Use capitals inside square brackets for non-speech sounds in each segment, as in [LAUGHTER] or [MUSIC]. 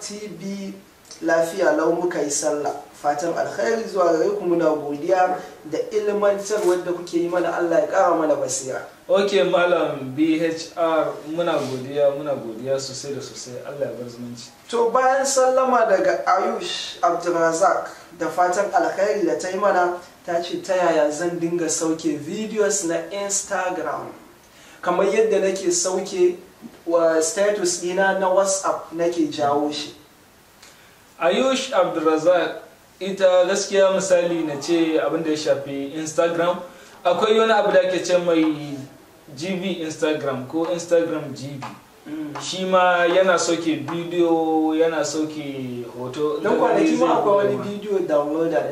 TV lafiya lau muka yi sallah fatan alkhairi zuwa gare ku muna godiya da ilmantar wadda kuke yi mana Allah ya kara mana basira ok malam bhr muna godiya muna godiya sosai da sosai Allah ya bar zumunci to bayan sallama daga ayush abdulrazak da fatan alkhairi da ta yi mana ta ce ta yaya zan dinga sauke videos na instagram kamar yadda nake sauke status dina na whatsapp nake jawo shi ayush abdulrazak ita gaskiya misali na ce abinda ya shafi instagram akwai wani abu da ake ce mai gb instagram ko instagram gb mm. shi ma yana soke bidiyo yana soke hoto don kwanaki ma akwai wani bidiyo downloader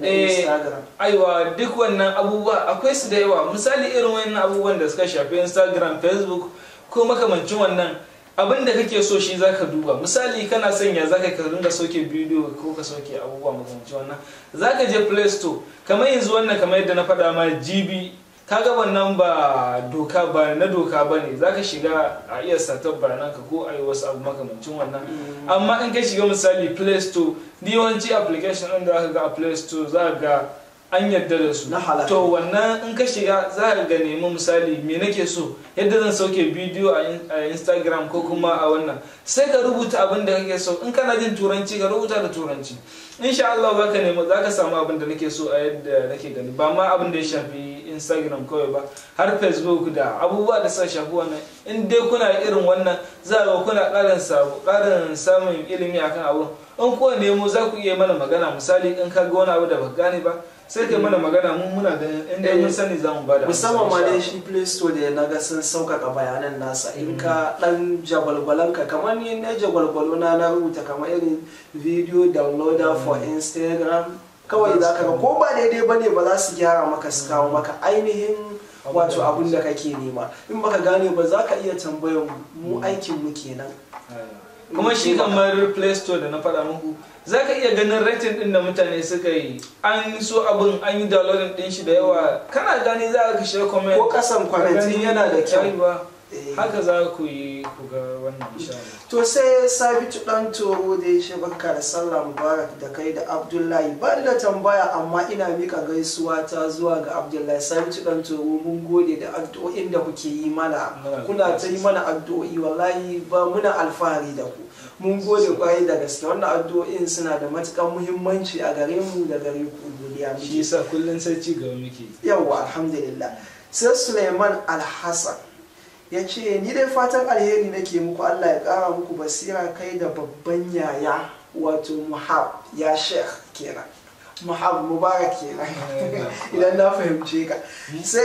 na eh, instagram aiwa duk wannan abubuwa akwai su da yawa misali irin wannan abubuwan da suka shafi instagram facebook ko makamancin wannan abin da kake so shi zaka duba misali kana sanya zaka ka dinga soke bidiyo ko ka soke abubuwa makamancin wannan zaka je play store kamar yanzu wannan kamar yadda na faɗa ma gb kaga wannan ba doka ba na doka ba ne zaka shiga a iya startup baranan ka ko ayi wasu abu makamancin wannan mm. amma in ka shiga misali play store yawanci application ɗin da zaka ga a play store zaka ga an yadda da su to wannan in ka shiga za ka ga nemi misali me nake so yadda zan sauke bidiyo a instagram ko kuma a wannan sai ka rubuta abin da kake so in kana jin turanci ka rubuta da turanci insha Allah za ka nemi za ka samu abin da nake so a yadda nake gani ba ma abin da ya shafi instagram kawai ba har facebook da abubuwa da suka shafi wannan in dai kuna irin wannan za ga kuna ƙarin ƙarin samun ilimi akan abu in kuwa nemo za ku iya mana magana misali in ka ga wani abu da baka gane ba sai ke mana magana mun muna ganin inda mun sani za mu bada musamman ma dai shi play store da na ga sun sauƙaƙa bayanan nasa in ka dan jagwalgwalan ka kamar ni na jagwalgwalo na na rubuta kamar irin video downloader mm. for instagram kawai za ka ga ko mm. ba daidai ba ne ba za su gyara maka su kawo maka mm. ainihin wato abin da kake nema in baka gane ba za ka iya tambayar mu aikin mu kenan eh. kuma shi kamar play store da na faɗa muku za ka iya ganin rating ɗin da mutane suka yi an so abin an yi downloading din shi da yawa kana gani za ka kashe comment ko kasan kwanatin yana da kyau Eh. haka za ku yi ku ga wannan shari'a to sai sabitu dan toro da ya shiga baka da sallah mubarak da kai da abdullahi ba da tambaya amma ina mika gaisuwa ta zuwa ga abdullahi sabitu dan toro mun gode da addu'o'in da kuke yi mana kuna ta yi mana addu'o'i wallahi ba muna alfahari da ku mun gode kwaye da gaske wannan addu'o'in suna da matukan muhimmanci a gare mu da gare ku godiya shi yasa kullun sai ci gaba muke yawa alhamdulillah sai Suleiman Alhassan ya ce ni dai fatan alheri nake muku allah ya kara muku basira kai da babban yaya wato muhab ya sheikh kenan muhab mubarak kenan [LAUGHS] idan na fahimce ka sai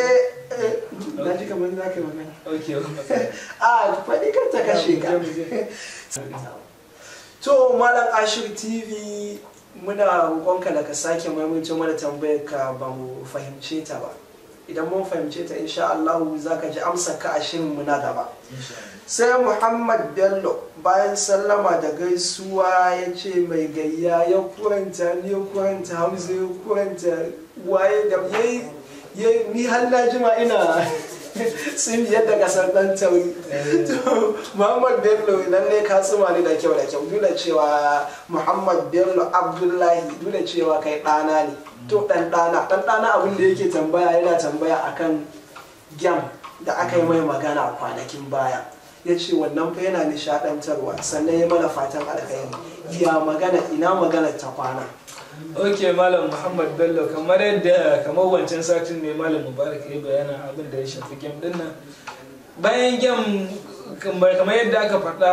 eh, na ji kamar za ka yi magana a [LAUGHS] ah, faɗi kan ta kashe ka [LAUGHS] to malam ashir tv muna roƙonka da ka sake maimaito mana tambayar ka ba mu fahimce ta ba idan mun fahimce ta insha Allah za ka ji amsa ka a mu na gaba sai Muhammad Bello bayan sallama da gaisuwa ya ce mai gayya ya kuranta ni ya kuranta Hamza ya kuranta waye da yayi ni halla jima ina [LAUGHS] sun biyar daga sandan tauri eh. muhammad bello nan ne ka tsuma ni da kyau da kyau dole cewa muhammad bello abdullahi dole cewa kai ɗana ne to ɗanɗana ɗanɗana abin da yake tambaya yana tambaya akan gyam da aka yi mai magana a kwanakin baya ya ce wannan fa yana nishaɗantarwa sannan ya mana fatan alkhairi ya magana ina magana ta kwana ok malam muhammad bello kamar yadda kamar wancan satin ne malam mubarak ya bayana abin da ya shafi gem dinnan bayan gem kamar yadda aka faɗa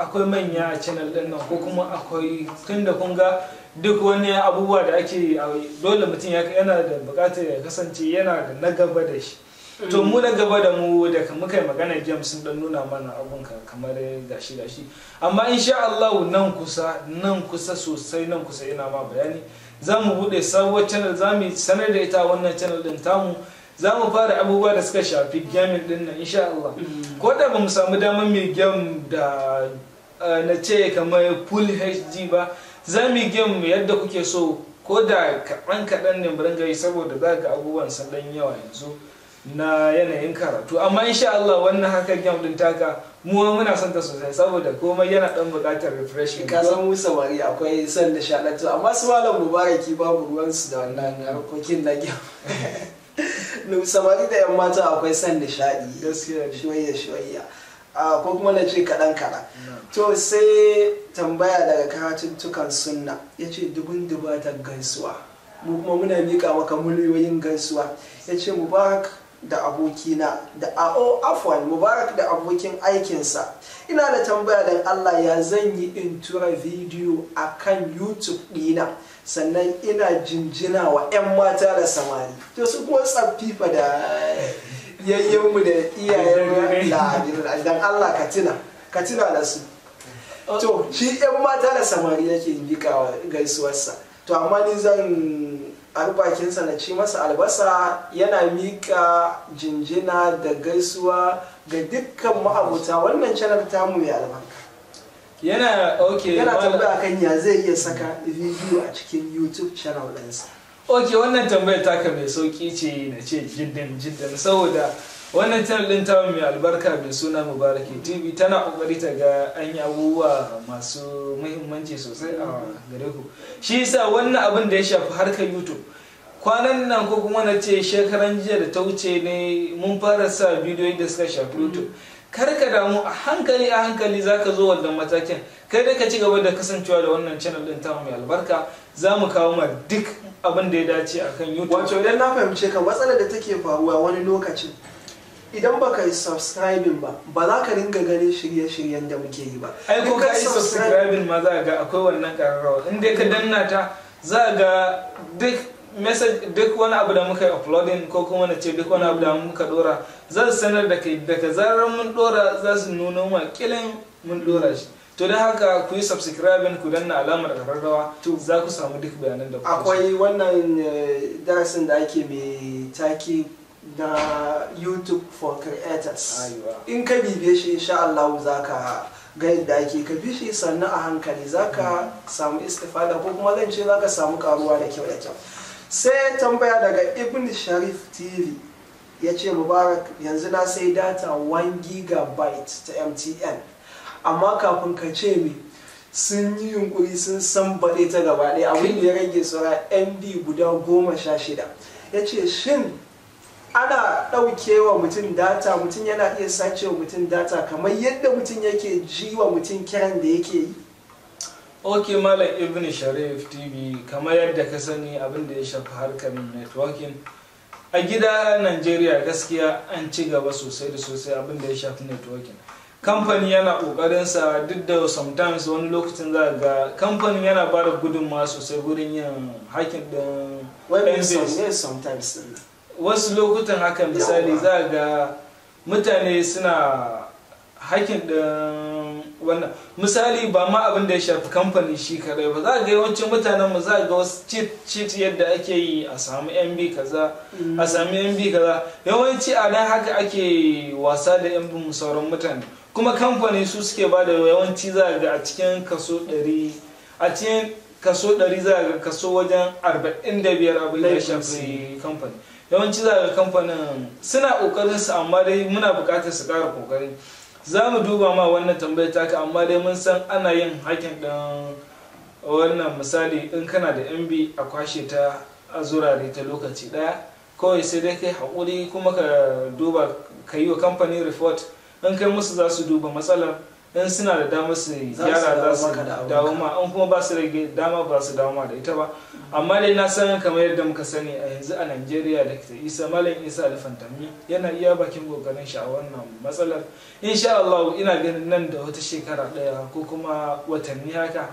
akwai manya a channel ɗin nan ko kuma akwai tun da kun ga duk wani abubuwa da ake dole mutum yana da buƙatar ya kasance yana da na gaba da shi to mu na gaba da mu da muka yi magana jam sun dan nuna mana abun ka kamar gashi gashi amma insha Allah nan kusa nan kusa sosai nan kusa ina ma bayani za mu buɗe sabuwar channel za mu sanar da ita wannan channel din tamu za mu fara abubuwa da suka shafi gamin din nan insha Allah mm. ko da ba mu samu damar mai gam da eh, na ce kamar full HD ba za mu gam yadda kuke so ko da kaɗan kaɗan ne mu ringa yi saboda za ga abubuwan sun dan yawa yanzu na yanayin karatu amma insha Allah wannan haka game din taka mu muna son ta sosai saboda komai yana dan buƙatar refreshing ka san mu sawari akwai son da shalatu amma su malam mubaraki babu ruwan su da wannan harkokin na game [LAUGHS] samari da yan mata akwai son nishaɗi shoyya shoyya ko kuma na ce kaɗan kaɗan to sai tambaya daga karatuttukan sunna ya ce dubun dubatar gaisuwa mu kuma muna miƙa maka muliyoyin gaisuwa ya ce mubarak da abokina da a'o afwan mubarak da abokin aikinsa ina da tambaya don allah ya zan yi in tura bidiyo a kan youtube dina sannan ina jinjina wa 'yan mata da samari to su kuma tsaffi fa da yayyenmu da iyayen da allah ka tuna ka tuna da su to shi 'yan mata da samari yake yi gaisuwarsa to amma ni zan Ari bakinsa na ci masa albasa yana miƙa jinjina da gaisuwa ga dukkan ma'abuta wannan canar mu ya albarka yana ok yana tambaya kan ya zai iya saka bidiyo a cikin youtube channel ɗinsa ok wannan tambayar taka mai sauki ce na ce jiddan jiddan saboda wannan channel din ta mai albarka mai suna mubaraki tv tana kokari ta ga an yi abubuwa masu muhimmanci sosai a gare ku shi yasa wannan abin da ya shafi harkar youtube kwanan nan ko kuma na ce shekaran jiya da ta wuce ne mun fara sa bidiyoyi da suka shafi youtube kar ka damu a hankali a hankali za ka zo wannan matakin kai da ka ci gaba da kasancewa da wannan channel din ta mai albarka za mu kawo ma duk abin da ya dace akan youtube wato idan na fahimce ka matsalar da take faruwa wani lokacin idan ba ka yi subscribe ba ba za ka ringa ganin shirye-shiryen da muke yi ba ai ko ka yi subscribe ma za ga akwai wannan kararrawa in dai ka mm. danna ta za ga duk message duk wani abu da muka yi uploading ko kuma na ce duk wani abu da mm. muka dora za su sanar da kai daga zarar mun dora za su nuna ma kilin mun dora shi to da haka ku yi subscribe ku danna alamar kararrawa za ku samu duk bayanan da ku akwai wannan eh, darasin da ake mai taki da youtube for creators ah, in ka bibe shi insha Allah za ka ga yadda ake ka bi shi sannu a hankali za ka samu istifada ko kuma zan ce za ka samu karuwa da kyau da kyau sai tambaya daga ibn sharif tv ya ce mubarak yanzu na sai data 1 gigabyte ta mtn amma kafin ka ce mi sun yi yunkuri sun san bade ta gaba ɗaya abin da ya rage saura mb guda goma sha shida ya ce shin ana ɗaukewa mutum data mutum yana iya sacewa mutum data kamar yadda mutum yake ji wa mutum kiran da yake yi ok malam ibn sharif tv kamar yadda ka sani abin da ya shafi harkar networking a gida najeriya gaskiya an ci gaba sosai da sosai abin da ya shafi networking kamfani yana sa duk da sometimes wani lokacin za ga kamfani yana ba da gudunmawa sosai wurin yin hakin din sometimes wasu lokutan haka misali za ga mutane suna hakin ɗin wannan misali ba ma abin da ya shafi kamfanin shi kadai ba za ga yawancin mutanen mu za ga wasu cheat cheat yadda ake yi a samu mb kaza a mm. sami mb kaza yawanci a nan haka ake wasa da mb sauran mutane kuma kamfani su suke ba da yawanci za ga a cikin kaso 100 a cikin kaso ɗari za ga kaso wajen arba'in da biyar abin da ya shafi kamfani yawanci za ga kamfanin suna kokarin su amma dai muna buƙatar su kara kokari za mu duba ma wannan tambayar taka amma dai mun san ana yin hakin ɗin wannan misali in kana da mb a kwashe ta a zurare ta lokaci ɗaya kawai sai dai kai haƙuri kuma ka duba ka yi wa kamfanin report in kai musu za su duba matsalar in suna da dama su gyara za su dawo ma an kuma ba su rage dama ba su dawo ma da ita ba amma dai na san kamar yadda muka sani a yanzu a Najeriya da ta isa malam isa alfantami yana iya bakin kokarin shi a wannan matsalar insha Allah ina ganin nan da wata shekara daya ko kuma watanni haka